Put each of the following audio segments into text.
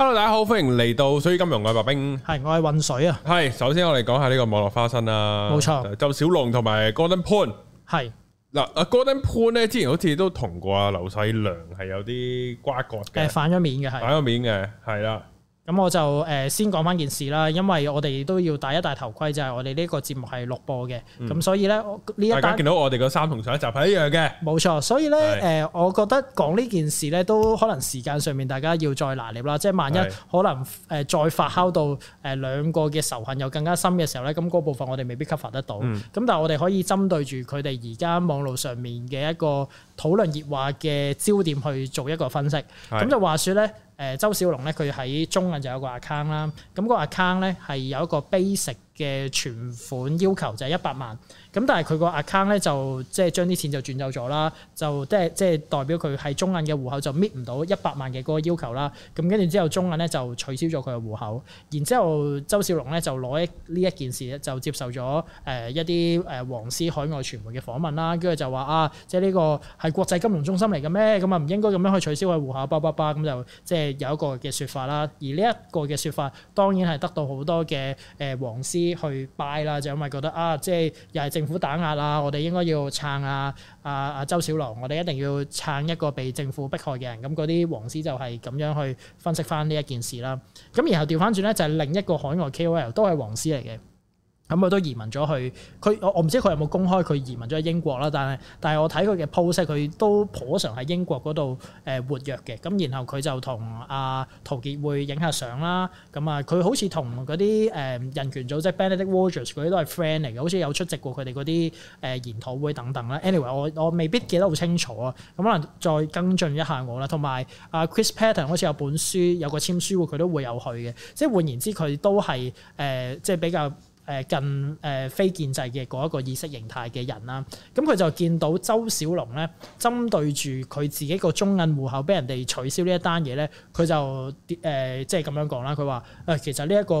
hello，大家好，歡迎嚟到水與金融嘅白兵，係我係渾水啊。係，首先我哋講下呢個網絡花生啦，冇錯，就小龍同埋 Gordon Poon。係嗱，阿 Gordon Poon 咧，之前好似都同過阿劉細良係有啲瓜葛嘅，係反咗面嘅，反咗面嘅，係啦。咁我就誒先講返件事啦，因為我哋都要戴一戴頭盔，就係、是、我哋呢個節目係錄播嘅，咁、嗯、所以咧呢一大家見到我哋個衫同上一集係一樣嘅，冇錯。所以咧誒是、呃，我覺得講呢件事咧，都可能時間上面大家要再拿捏啦，即係萬一可能誒再發酵到誒兩個嘅仇恨又更加深嘅時候咧，咁、那、嗰、個、部分我哋未必 cover 得到。咁、嗯、但係我哋可以針對住佢哋而家網絡上面嘅一個討論熱話嘅焦點去做一個分析。咁是就話説咧。誒、呃、周小龍咧，佢喺中銀就有個 account 啦。咁個 account 咧係有一個 basic 嘅、那個、存款要求，就係一百萬。咁但係佢個 account 咧就即係將啲錢就轉走咗啦，就即係即係代表佢係中銀嘅戶口就搣唔到一百萬嘅嗰個要求啦。咁跟住之後，中銀咧就取消咗佢嘅戶口。然之後，周小龍咧就攞一呢一件事就接受咗誒一啲誒黃絲海外傳媒嘅訪問啦。跟住就話啊，即係呢個係國際金融中心嚟嘅咩？咁啊唔應該咁樣去取消佢戶口？叭叭叭咁就即係有一個嘅説法啦。而呢一個嘅説法當然係得到好多嘅誒黃絲去 buy 啦，就因為覺得啊，即係又係政。苦打壓啦，我哋應該要撐啊啊啊周小龍！我哋一定要撐一個被政府迫害嘅人。咁嗰啲黃絲就係咁樣去分析翻呢一件事啦。咁然後調翻轉呢，就係另一個海外 KOL 都係黃絲嚟嘅。咁佢都移民咗去，佢我唔知佢有冇公開佢移民咗去英國啦，但係但係我睇佢嘅 post，佢都頗常喺英國嗰度誒活躍嘅。咁然後佢就同阿陶傑會影下相啦。咁啊，佢好似同嗰啲誒人權組織 Benedict Rogers 嗰啲都係 friend 嚟嘅，好似有出席過佢哋嗰啲誒研討會等等啦。anyway，我我未必記得好清楚啊。咁可能再跟進一下我啦。同埋阿 Chris Patten 好似有本書有個簽書會，佢都會有去嘅。即係換言之，佢都係誒、呃、即係比較。誒近誒非建制嘅嗰一個意識形態嘅人啦，咁佢就見到周小龍咧，針對住佢自己個中銀戶口俾人哋取消呢一單嘢咧，佢就誒即係咁樣講啦，佢話誒其實呢一個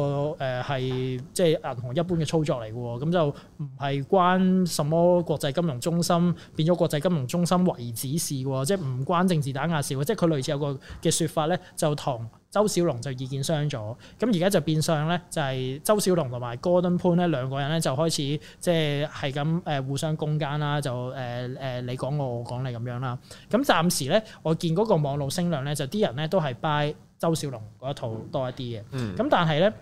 誒係即係銀行一般嘅操作嚟嘅喎，咁就唔係關什麼國際金融中心變咗國際金融中心遺址事喎，即係唔關政治打壓事喎，即係佢類似有個嘅説法咧，就同。周小龍就意見傷咗，咁而家就變相咧，就係周小龍同埋 Gordon Poon 咧兩個人咧就開始即係係咁誒互相攻間啦，就誒誒、呃呃、你講我我講你咁樣啦。咁暫時咧，我見嗰個網絡聲量咧就啲人咧都係 buy 周小龍嗰一套多一啲嘅，咁、嗯、但係咧。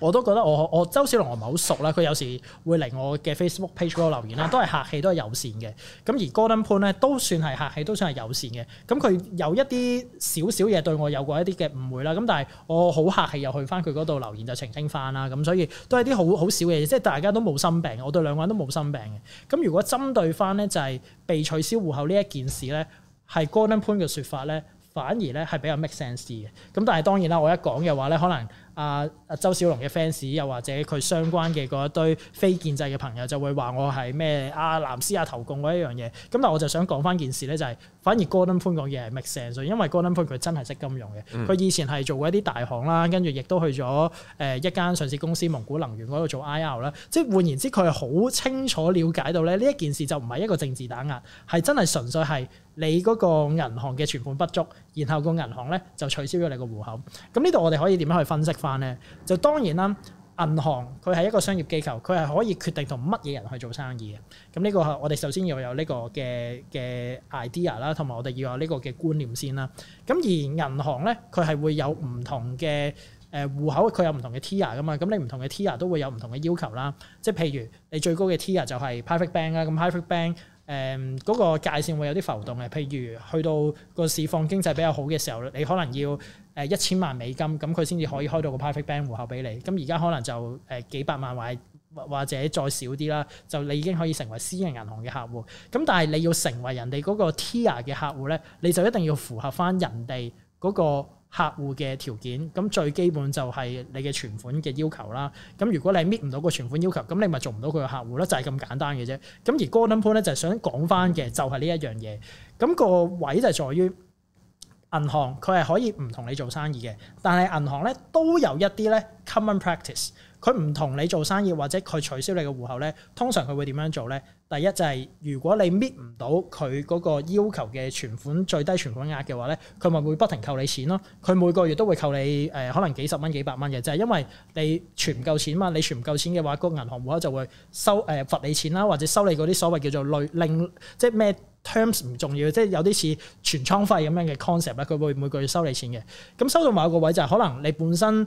我都覺得我我周小龍我唔係好熟啦，佢有時會嚟我嘅 Facebook page 嗰度留言啦，都係客氣，都係友善嘅。咁而 Gordon Poon 咧都算係客氣，都算係友善嘅。咁佢有一啲少少嘢對我有過一啲嘅誤會啦。咁但係我好客氣又去翻佢嗰度留言就澄清翻啦。咁所以都係啲好好少嘅嘢，即係大家都冇心病，我對兩個人都冇心病嘅。咁如果針對翻咧就係、是、被取消戶口呢一件事咧，係 Gordon Poon 嘅說法咧，反而咧係比較 make sense 嘅。咁但係當然啦，我一講嘅話咧，可能。阿阿、啊、周小龍嘅 fans，又或者佢相關嘅嗰一堆非建制嘅朋友，就會話我係咩阿藍絲阿投、啊、共嗰一樣嘢。咁但我就想講翻件事咧、就係，就係。反而 Gordon 潘講嘢係 make sense，因為 Gordon 潘佢真係識金融嘅，佢以前係做過一啲大行啦，跟住亦都去咗誒一間上市公司蒙古能源嗰度做 IR 啦。即係換言之，佢係好清楚了解到咧呢一件事就唔係一個政治打壓，係真係純粹係你嗰個銀行嘅存款不足，然後個銀行咧就取消咗你個戶口。咁呢度我哋可以點樣去分析翻咧？就當然啦。銀行佢係一個商業機構，佢係可以決定同乜嘢人去做生意嘅。咁呢個係我哋首先要有呢個嘅嘅 idea 啦，同埋我哋要有呢個嘅觀念先啦。咁而銀行咧，佢係會有唔同嘅誒戶口，佢有唔同嘅 tier 噶嘛。咁你唔同嘅 tier 都會有唔同嘅要求啦。即係譬如你最高嘅 tier 就係 private bank 啦，咁 private bank。誒嗰個界線會有啲浮動嘅，譬如去到個市況經濟比較好嘅時候，你可能要誒一千萬美金，咁佢先至可以開到個 private bank 戶口俾你。咁而家可能就誒、呃、幾百萬或者或者再少啲啦，就你已經可以成為私人銀行嘅客戶。咁但係你要成為人哋嗰個 tier 嘅客戶咧，你就一定要符合翻人哋嗰個，客戶嘅條件，咁最基本就係你嘅存款嘅要求啦。咁如果你搣唔到個存款要求，咁你咪做唔到佢嘅客戶咯，就係咁簡單嘅啫。咁而 Gordon Poon 咧就係想講翻嘅，就係呢一樣嘢。咁個位就係在於銀行，佢係可以唔同你做生意嘅，但係銀行咧都有一啲咧 common practice。佢唔同你做生意，或者佢取消你嘅戶口咧，通常佢會點樣做咧？第一就係、是、如果你搣唔到佢嗰個要求嘅存款最低存款額嘅話咧，佢咪會不停扣你錢咯。佢每個月都會扣你誒、呃、可能幾十蚊幾百蚊嘅，就係、是、因為你存唔夠錢嘛。你存唔夠錢嘅話，個銀行戶口就會收誒、呃、罰你錢啦，或者收你嗰啲所謂叫做累令，即係咩？terms 唔重要，即係有啲似存倉費咁樣嘅 concept 咧，佢會每個月收你錢嘅。咁收到某一個位就係、是、可能你本身誒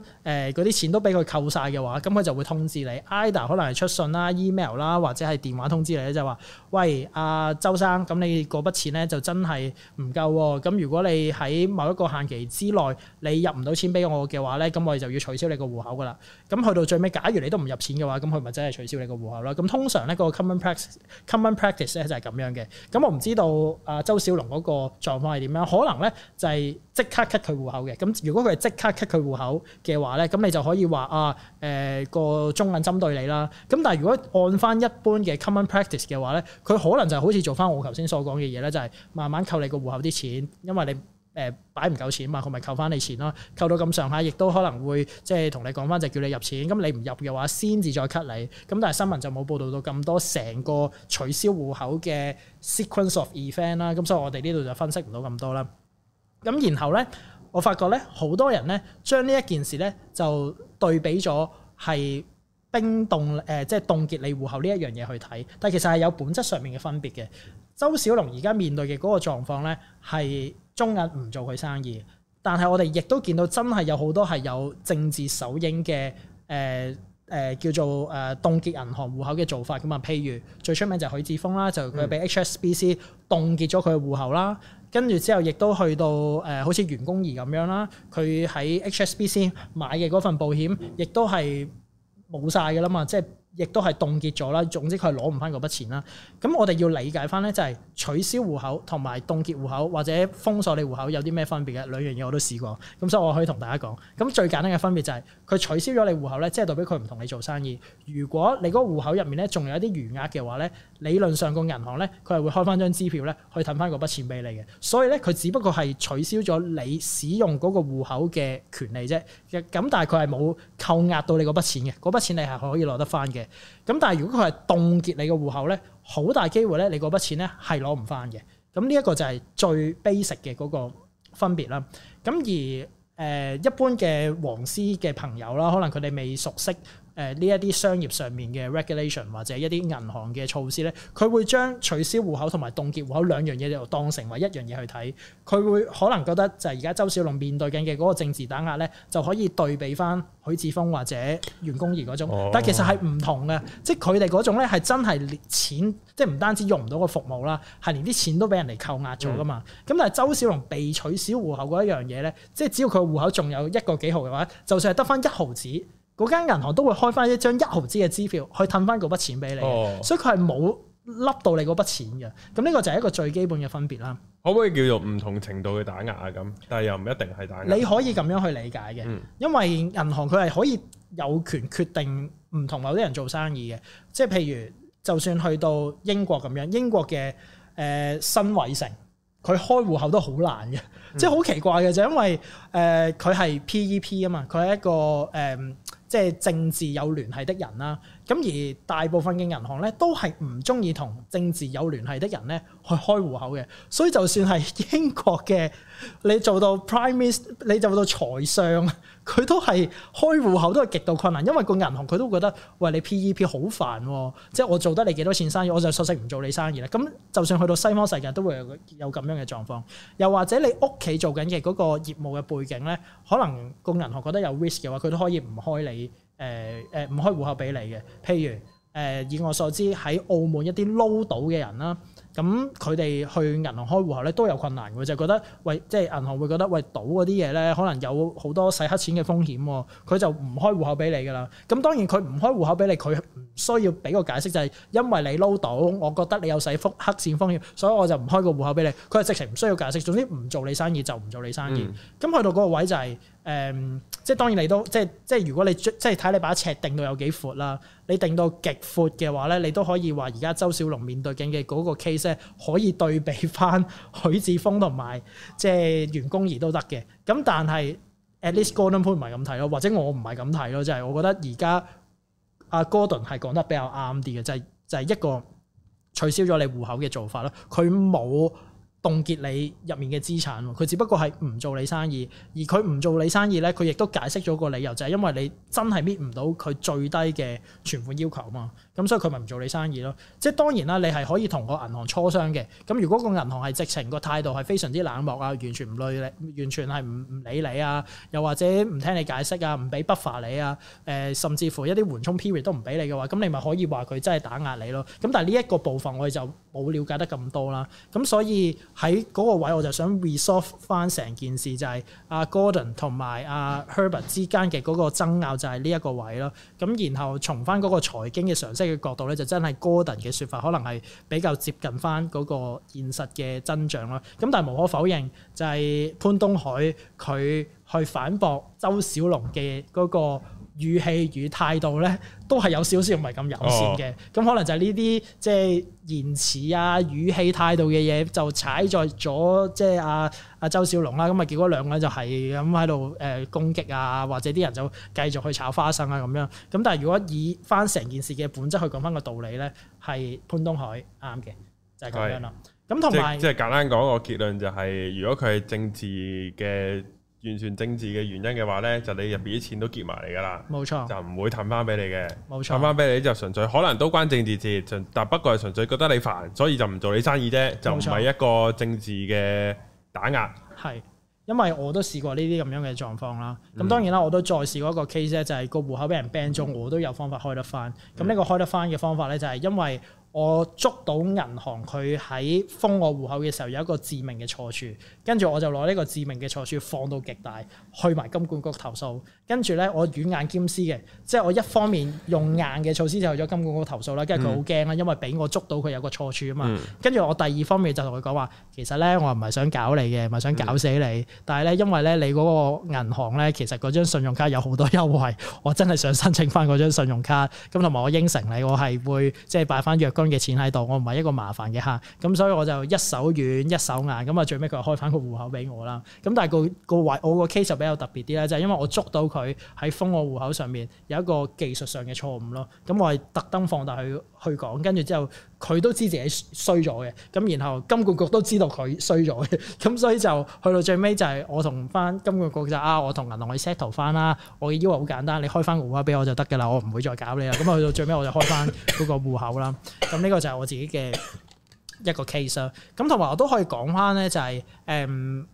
嗰啲錢都俾佢扣晒嘅話，咁佢就會通知你，either 可能係出信啦、email 啦，或者係電話通知你咧，就話、是：喂，阿、啊、周生，咁你嗰筆錢咧就真係唔夠喎、哦。咁如果你喺某一個限期之內你入唔到錢俾我嘅話咧，咁我哋就要取消你個戶口噶啦。咁去到最尾，假如你都唔入錢嘅話，咁佢咪真係取消你個戶口啦。咁通常咧嗰、那個 common practice, common practice，common practice 咧就係咁樣嘅。咁我唔知道啊，周小龍嗰個狀況係點樣？可能咧就係即刻 cut 佢戶口嘅。咁如果佢係即刻 cut 佢戶口嘅話咧，咁你就可以話啊，誒、呃、個中銀針對你啦。咁但係如果按翻一般嘅 common practice 嘅話咧，佢可能就好似做翻我頭先所講嘅嘢咧，就係、是、慢慢扣你個戶口啲錢，因為你。誒、呃、擺唔夠錢嘛，佢咪扣翻你錢咯、啊？扣到咁上下，亦都可能會即係同你講翻，就叫你入錢。咁你唔入嘅話，先至再 cut 你。咁但係新聞就冇報導到咁多，成個取消戶口嘅 sequence of event 啦、啊。咁所以我哋呢度就分析唔到咁多啦。咁、啊、然後呢，我發覺呢，好多人呢將呢一件事呢，就對比咗係冰凍誒、呃，即係凍結你戶口呢一樣嘢去睇，但其實係有本質上面嘅分別嘅。周小龍而家面對嘅嗰個狀況咧，係中銀唔做佢生意，但係我哋亦都見到真係有好多係有政治首映嘅誒誒叫做誒、呃、凍結銀行戶口嘅做法噶嘛。譬如最出名就係許智峰啦，就佢畀 HSBC 凍結咗佢嘅戶口啦，跟住之後亦都去到誒好似袁弓夷咁樣啦，佢喺 HSBC 買嘅嗰份保險亦都係冇晒噶啦嘛，即、就、係、是。亦都係凍結咗啦，總之佢攞唔翻嗰筆錢啦。咁我哋要理解翻咧，就係取消戶口同埋凍結戶口或者封鎖你戶口有啲咩分別嘅？兩樣嘢我都試過，咁所以我可以同大家講。咁最簡單嘅分別就係佢取消咗你戶口咧，即係代表佢唔同你做生意。如果你個戶口入面咧仲有一啲餘額嘅話咧。理論上，個銀行咧，佢係會開翻張支票咧，去氹翻嗰筆錢俾你嘅。所以咧，佢只不過係取消咗你使用嗰個戶口嘅權利啫。咁但係佢係冇扣押到你嗰筆錢嘅，嗰筆錢你係可以攞得翻嘅。咁但係如果佢係凍結你個戶口咧，好大機會咧，你嗰筆錢咧係攞唔翻嘅。咁呢一個就係最 basic 嘅嗰個分別啦。咁而誒、呃、一般嘅黃絲嘅朋友啦，可能佢哋未熟悉。誒呢一啲商業上面嘅 regulation 或者一啲銀行嘅措施咧，佢會將取消戶口同埋凍結戶口兩樣嘢就當成為一樣嘢去睇。佢會可能覺得就係而家周小龍面對緊嘅嗰個政治打壓咧，就可以對比翻許智峯或者袁弓夷嗰種。哦、但其實係唔同嘅，即係佢哋嗰種咧係真係連錢，即係唔單止用唔到個服務啦，係連啲錢都俾人哋扣押咗噶嘛。咁、嗯、但係周小龍被取消戶口嗰一樣嘢咧，即係只要佢戶口仲有一個幾毫嘅話，就算係得翻一毫子。嗰間銀行都會開翻一張一毫紙嘅支票去褪翻嗰筆錢俾你，哦、所以佢係冇笠到你嗰筆錢嘅。咁呢個就係一個最基本嘅分別啦。可唔可以叫做唔同程度嘅打壓啊？咁，但係又唔一定係打壓。你可以咁樣去理解嘅，嗯、因為銀行佢係可以有權決定唔同某啲人做生意嘅。即係譬如，就算去到英國咁樣，英國嘅誒、呃、新偉城，佢開戶口都好難嘅，嗯、即係好奇怪嘅就係因為誒佢係 PEP 啊嘛，佢、呃、係一個誒。呃即係政治有聯繫的人啦，咁而大部分嘅銀行咧都係唔中意同政治有聯繫的人咧去開戶口嘅，所以就算係英國嘅，你做到 prime minister 你做到財相，佢都係開戶口都係極度困難，因為個銀行佢都覺得，喂你 PEP 好煩，即係我做得你幾多錢生意，我就索性唔做你生意啦。咁就算去到西方世界都會有有咁樣嘅狀況，又或者你屋企做緊嘅嗰個業務嘅背景咧，可能個銀行覺得有 risk 嘅話佢都可以唔開你。誒誒唔開戶口俾你嘅，譬如誒、呃、以我所知喺澳門一啲撈賭嘅人啦，咁佢哋去銀行開戶口咧都有困難嘅，就覺得喂，即、就、係、是、銀行會覺得喂，賭嗰啲嘢咧可能有好多洗黑錢嘅風險喎，佢就唔開戶口俾你噶啦。咁當然佢唔開戶口俾你，佢唔需要俾個解釋，就係因為你撈賭，我覺得你有洗黑黑錢風險，所以我就唔開個戶口俾你。佢係直情唔需要解釋，總之唔做你生意就唔做你生意。咁、嗯、去到嗰個位就係、是、誒。呃即係當然你都，即係即係如果你即係睇你把尺定到有幾闊啦，你定到極闊嘅話咧，你都可以話而家周小龍面對鏡嘅面對緊嘅嗰個 case 可以對比翻許智峯同埋即係袁弓夷都得嘅。咁但係 at least Gordon Poon 唔係咁睇咯，或者我唔係咁睇咯，就係、是、我覺得而家阿 Gordon 係講得比較啱啲嘅，就係、是、就係、是、一個取消咗你戶口嘅做法囉。佢冇。凍結你入面嘅資產，佢只不過係唔做你生意，而佢唔做你生意咧，佢亦都解釋咗個理由，就係、是、因為你真係搣唔到佢最低嘅存款要求啊嘛，咁所以佢咪唔做你生意咯。即係當然啦，你係可以同個銀行磋商嘅。咁如果個銀行係直情個態度係非常之冷漠啊，完全唔理你，完全係唔唔理你啊，又或者唔聽你解釋啊，唔俾不煩你啊，誒、呃、甚至乎一啲緩衝 period 都唔俾你嘅話，咁你咪可以話佢真係打壓你咯。咁但係呢一個部分，我哋就。冇了解得咁多啦，咁所以喺嗰個位我就想 resolve 翻成件事，就係阿 Gordon 同埋阿 Herbert 之間嘅嗰個爭拗就係呢一個位咯。咁然後從翻嗰個財經嘅常識嘅角度咧，就真係 Gordon 嘅說法可能係比較接近翻嗰個現實嘅增長啦。咁但係無可否認就係潘東海佢去反駁周小龍嘅嗰個。語氣與態度咧，都係有少少唔係咁友善嘅。咁、哦、可能就係呢啲即係言辭啊、語氣態度嘅嘢，就踩在咗即係阿阿周小龍啦。咁啊，結果兩個人就係咁喺度誒攻擊啊，或者啲人就繼續去炒花生啊咁樣。咁但係如果以翻成件事嘅本質去講翻個道理咧，係潘東海啱嘅，就係、是、咁樣啦。咁同埋即係簡單講個結論就係、是，如果佢係政治嘅。完全政治嘅原因嘅話呢，就你入邊啲錢都結埋嚟噶啦，冇錯，就唔會氹翻俾你嘅，冇錯，氹翻俾你就純粹可能都關政治事，但不過係純粹覺得你煩，所以就唔做你生意啫，就唔係一個政治嘅打壓。係錯，因為我都試過呢啲咁樣嘅狀況啦。咁、嗯、當然啦，我都再試過一個 case 咧，就係個戶口俾人 ban 咗，我都有方法開得翻。咁呢、嗯、個開得翻嘅方法呢，就係因為。我捉到銀行佢喺封我戶口嘅時候有一個致命嘅錯處，跟住我就攞呢個致命嘅錯處放到極大，去埋金管局投訴。跟住咧我軟硬兼施嘅，即係我一方面用硬嘅措施就去咗金管局投訴啦，跟住佢好驚啦，因為俾我捉到佢有個錯處啊嘛。跟住我第二方面就同佢講話，其實咧我唔係想搞你嘅，唔係想搞死你，嗯、但係咧因為咧你嗰個銀行咧其實嗰張信用卡有好多優惠，我真係想申請翻嗰張信用卡。咁同埋我應承你，我係會即係擺翻若嘅錢喺度，我唔係一個麻煩嘅客，咁所以我就一手軟一手硬，咁啊最尾佢開翻個戶口俾我啦。咁但係個個位我個 case 就比較特別啲啦，就係因為我捉到佢喺封我戶口上面有一個技術上嘅錯誤咯，咁我係特登放大去去講，跟住之後。佢都知自己衰咗嘅，咁然後金管局都知道佢衰咗嘅，咁所以就去到最尾就係我同翻金管局就啊，我同銀行去 settle 翻啦，我嘅要求好簡單，你開翻個 account 俾我就得㗎啦，我唔會再搞你啦，咁去到最尾我就開翻嗰個戶口啦，咁呢個就係我自己嘅一個 case 啦，咁同埋我都可以講翻咧就係誒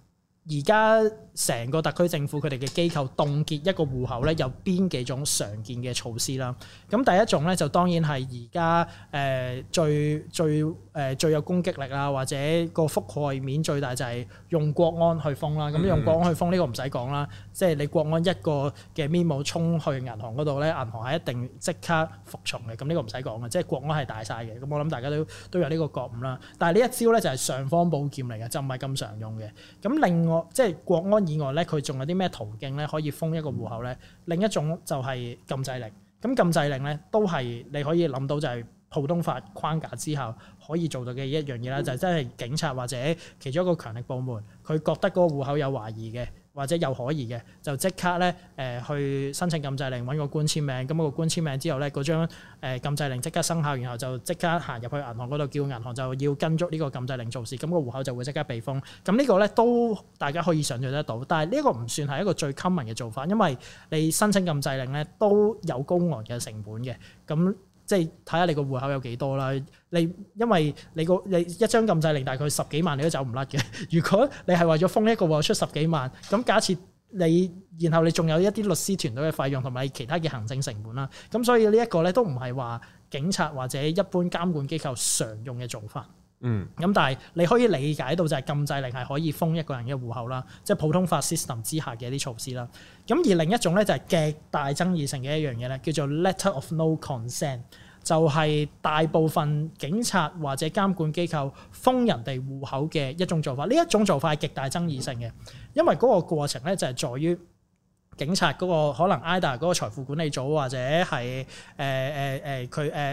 而家。嗯成個特區政府佢哋嘅機構凍結一個戶口咧，有邊幾種常見嘅措施啦？咁第一種咧，就當然係而家誒最最誒、呃、最有攻擊力啦，或者個覆蓋面最大就係用國安去封啦。咁用國安去封呢、呢個唔使講啦，mm hmm. 即係你國安一個嘅 memo 衝去銀行嗰度咧，銀行係一定即刻服從嘅。咁呢個唔使講嘅，即係國安係大晒嘅。咁我諗大家都都有呢個覺悟啦。但係呢一招咧就係上方寶劍嚟嘅，就唔係咁常用嘅。咁另外即係國安。以外咧，佢仲有啲咩途徑咧可以封一個戶口咧？另一種就係禁制令。咁禁制令咧，都係你可以諗到就係普通法框架之後可以做到嘅一樣嘢啦，嗯、就係真係警察或者其中一個強力部門，佢覺得嗰個戶口有懷疑嘅。或者又可以嘅，就即刻咧誒、呃、去申請禁制令，揾個官簽名。咁、那個官簽名之後咧，嗰張、呃、禁制令即刻生效，然後就即刻行入去銀行嗰度，叫銀行就要跟足呢個禁制令做事，咁、那個戶口就會即刻被封。咁呢個咧都大家可以想像得到，但係呢個唔算係一個最 common 嘅做法，因為你申請禁制令咧都有高昂嘅成本嘅，咁。即係睇下你個戶口有幾多啦，你因為你個你一張禁制令大概十幾萬你都走唔甩嘅，如果你係為咗封一個戶口出十幾萬，咁假設你然後你仲有一啲律師團隊嘅費用同埋其他嘅行政成本啦，咁所以呢一個咧都唔係話警察或者一般監管機構常用嘅做法。嗯，咁但係你可以理解到就係禁制令係可以封一個人嘅戶口啦，即係普通法 system 之下嘅一啲措施啦。咁而另一種咧就係極大爭議性嘅一樣嘢咧，叫做 letter of no consent，就係大部分警察或者監管機構封人哋戶口嘅一種做法。呢一種做法係極大爭議性嘅，因為嗰個過程咧就係在於。警察嗰個可能 IDA 嗰個財富管理組或者係誒誒誒佢誒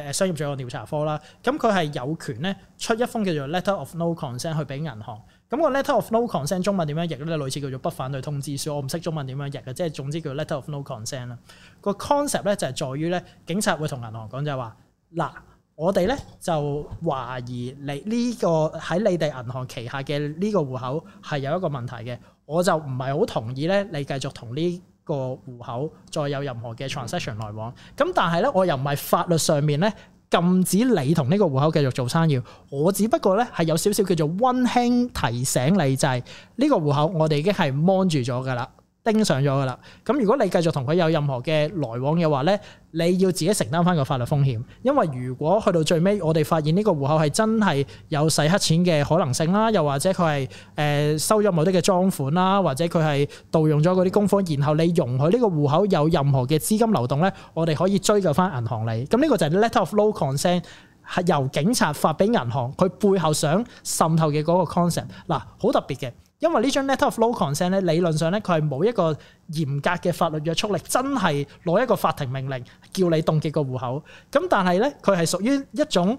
誒商業罪案調查科啦，咁佢係有權咧出一封叫做 letter of no consent 去俾銀行，咁個 letter of no consent 中文點樣譯咧？類似叫做不反對通知書，我唔識中文點樣譯嘅，即係總之叫 letter of no consent 啦。個 concept 咧就係在於咧，警察會同銀行講就係話，嗱，我哋咧就懷疑你呢個喺你哋銀行旗下嘅呢個戶口係有一個問題嘅。我就唔係好同意咧，你繼續同呢個戶口再有任何嘅 transaction 來往。咁、嗯、但係咧，我又唔係法律上面咧禁止你同呢個戶口繼續做生意。我只不過咧係有少少叫做温馨提醒你，就係、是、呢個戶口我哋已經係 mon 住咗噶啦。盯上咗噶啦，咁如果你繼續同佢有任何嘅來往嘅話咧，你要自己承擔翻個法律風險，因為如果去到最尾，我哋發現呢個戶口係真係有洗黑錢嘅可能性啦，又或者佢係誒收咗某啲嘅贓款啦，或者佢係盜用咗嗰啲公款，然後你容許呢個戶口有任何嘅資金流動咧，我哋可以追究翻銀行你。咁呢個就係 letter of no consent，係由警察發俾銀行，佢背後想滲透嘅嗰個 concept。嗱，好特別嘅。因為呢張 letter of no consent 咧，理論上咧，佢係冇一個嚴格嘅法律約束力，真係攞一個法庭命令叫你凍結個戶口。咁但係咧，佢係屬於一種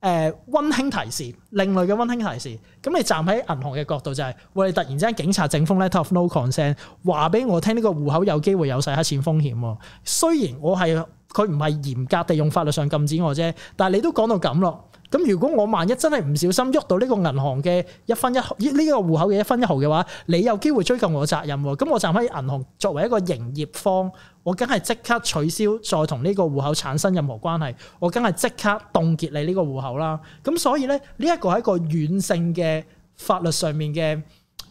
誒温馨提示，另類嘅温馨提示。咁你站喺銀行嘅角度就係，喂，突然之間警察整封 letter of no consent，話俾我聽呢個戶口有機會有洗黑錢風險。雖然我係佢唔係嚴格地用法律上禁止我啫，但係你都講到咁咯。咁如果我萬一真係唔小心喐到呢個銀行嘅一分一毫，呢個戶口嘅一分一毫嘅話，你有機會追究我責任喎。咁我站喺銀行作為一個營業方，我梗係即刻取消再同呢個戶口產生任何關係，我梗係即刻凍結你呢個戶口啦。咁所以咧，呢一個係一個軟性嘅法律上面嘅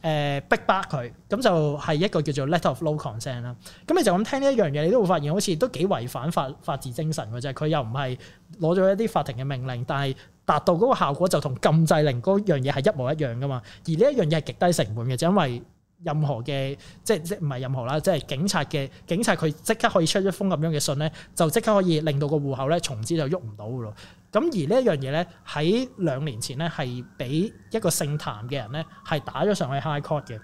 誒逼巴佢，咁就係一個叫做 letter of no consent 啦。咁你就咁聽呢一樣嘢，你都會發現好似都幾違反法法治精神嘅啫。佢又唔係攞咗一啲法庭嘅命令，但係。達到嗰個效果就同禁制令嗰樣嘢係一模一樣噶嘛，而呢一樣嘢係極低成本嘅，就因為任何嘅即即唔係任何啦，即係警察嘅警察佢即刻可以出一封咁樣嘅信咧，就即刻可以令到個戶口咧從此就喐唔到噶咯。咁而呢一樣嘢咧喺兩年前咧係俾一個姓譚嘅人咧係打咗上去 high court 嘅。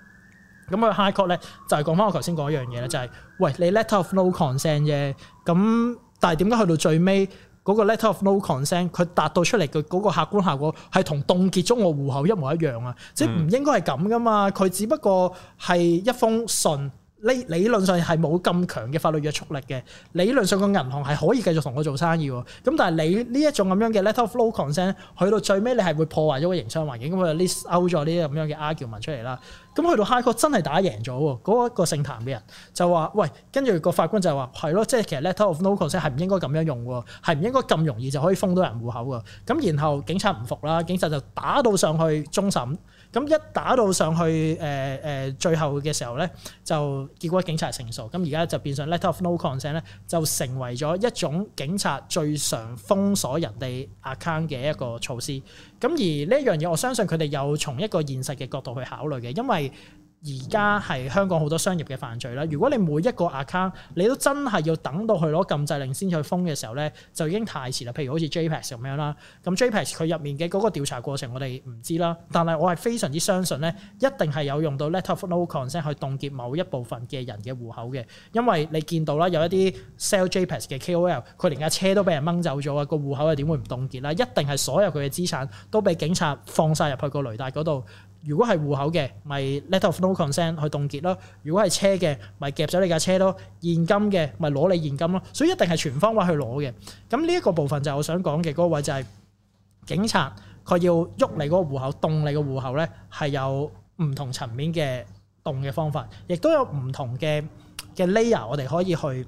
咁佢 high court 咧就係講翻我頭先講一樣嘢啦，就係喂你 letter of no consent 啫。咁但係點解去到最尾？嗰個 letter of no consent，佢達到出嚟嘅嗰個客觀效果係同凍結咗我戶口一模一樣啊！即係唔應該係咁噶嘛，佢只不過係一封信。理理論上係冇咁強嘅法律約束力嘅，理論上個銀行係可以繼續同我做生意喎。咁但係你呢一種咁樣嘅 letter of no consent，去到最尾你係會破壞咗個營商環境，咁佢就 list out 咗呢啲咁樣嘅 argument 出嚟啦。咁去到 high court 真係打贏咗喎，嗰、那個姓譚嘅人就話，喂，跟住個法官就話，係咯，即係其實 letter of no consent 係唔應該咁樣用喎，係唔應該咁容易就可以封到人戶口㗎。咁然後警察唔服啦，警察就打到上去終審。咁一打到上去誒誒、呃呃、最後嘅時候咧，就結果警察成熟。咁而家就變成 letter of no consent 咧，就成為咗一種警察最常封鎖人哋 account 嘅一個措施。咁而呢樣嘢，我相信佢哋有從一個現實嘅角度去考慮嘅，因為，而家係香港好多商業嘅犯罪啦。如果你每一個 account 你都真係要等到去攞禁制令先去封嘅時候咧，就已經太遲啦。譬如好似 JPEX 咁樣啦，咁 JPEX 佢入面嘅嗰個調查過程我哋唔知啦，但係我係非常之相信咧，一定係有用到 letter of no consent 去凍結某一部分嘅人嘅戶口嘅，因為你見到啦，有一啲 sell JPEX 嘅 KOL，佢連架車都俾人掹走咗啊，個戶口又點會唔凍結啦？一定係所有佢嘅資產都俾警察放晒入去個雷達嗰度。如果係戶口嘅，咪、就是、letter of no consent 去凍結咯；如果係車嘅，咪、就是、夾走你架車咯；現金嘅，咪、就、攞、是、你現金咯。所以一定係全方位去攞嘅。咁呢一個部分就係我想講嘅嗰個位就係警察，佢要喐你嗰個戶口，凍你個戶口咧，係有唔同層面嘅凍嘅方法，亦都有唔同嘅嘅 layer，我哋可以去。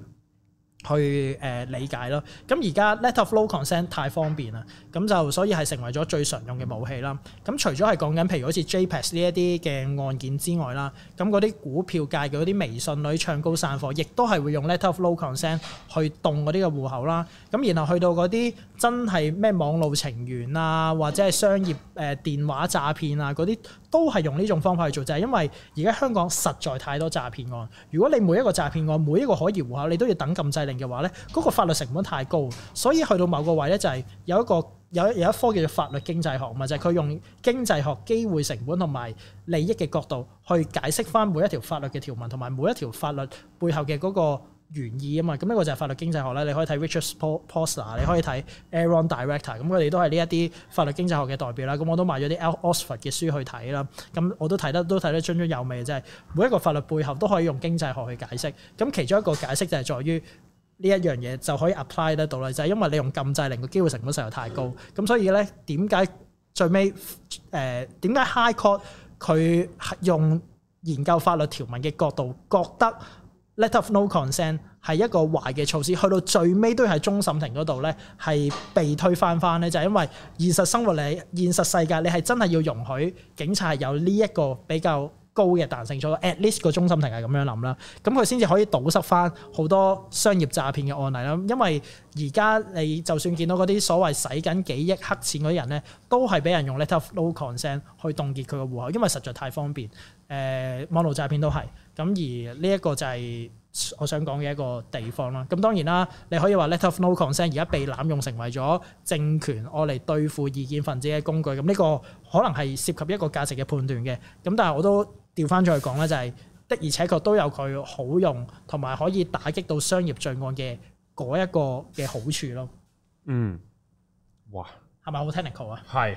去誒、呃、理解咯。咁而家 letter of no consent 太方便啦，咁就所以係成為咗最常用嘅武器啦。咁除咗係講緊，譬如好似 JPEX 呢一啲嘅案件之外啦，咁嗰啲股票界嘅嗰啲微信女唱高散貨，亦都係會用 letter of no consent 去動嗰啲嘅戶口啦。咁然後去到嗰啲真係咩網絡情緣啊，或者係商業誒、呃、電話詐騙啊嗰啲。都係用呢種方法去做，就係因為而家香港實在太多詐騙案。如果你每一個詐騙案、每一個可疑戶口，你都要等禁制令嘅話呢嗰個法律成本太高。所以去到某個位呢，就係有一個有有一科叫做法律經濟學咪就係佢用經濟學機會成本同埋利益嘅角度去解釋翻每一條法律嘅條文，同埋每一條法律背後嘅嗰個。原意啊嘛，咁呢個就係法律經濟學咧。你可以睇 Richard Posner，你可以睇 Aaron Director，咁佢哋都係呢一啲法律經濟學嘅代表啦。咁我都買咗啲 Osborne 嘅書去睇啦。咁我都睇得都睇得津津有味，即係每一個法律背後都可以用經濟學去解釋。咁其中一個解釋就係在於呢一樣嘢就可以 apply 得到啦，就係因為你用禁制令嘅機會成本實在太高，咁所以咧點解最尾誒點解 High Court 佢用研究法律條文嘅角度覺得？Letter of No Consent 係一個壞嘅措施，去到最尾都係終審庭嗰度咧，係被推翻翻咧，就係、是、因為現實生活你、現實世界你係真係要容許警察有呢一個比較高嘅彈性咗。At least 個終審庭係咁樣諗啦，咁佢先至可以堵塞翻好多商業詐騙嘅案例啦。因為而家你就算見到嗰啲所謂使緊幾億黑錢嗰啲人咧，都係俾人用 Letter of No Consent 去凍結佢個戶口，因為實在太方便。誒、呃，網絡詐騙都係。咁而呢一個就係我想講嘅一個地方啦。咁當然啦，你可以話 letter of no consent 而家被濫用成為咗政權我嚟對付意見分子嘅工具。咁呢個可能係涉及一個價值嘅判斷嘅。咁但係我都調翻再講啦，就係的而且確都有佢好用同埋可以打擊到商業罪案嘅嗰一個嘅好處咯。嗯，哇，係咪好 technical 啊？係。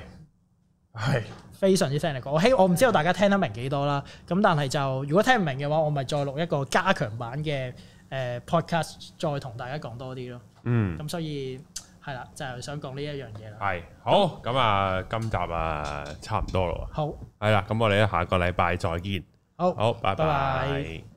係是非常之聽嚟講，我嘿我唔知道大家聽得明幾多啦。咁但係就如果聽唔明嘅話，我咪再錄一個加強版嘅誒、呃、podcast，再同大家講多啲咯。嗯，咁所以係啦，就係、是、想講呢一樣嘢啦。係好咁、哦、啊，今集啊差唔多啦喎。好係啦，咁我哋下個禮拜再見。好，好，拜拜。拜拜。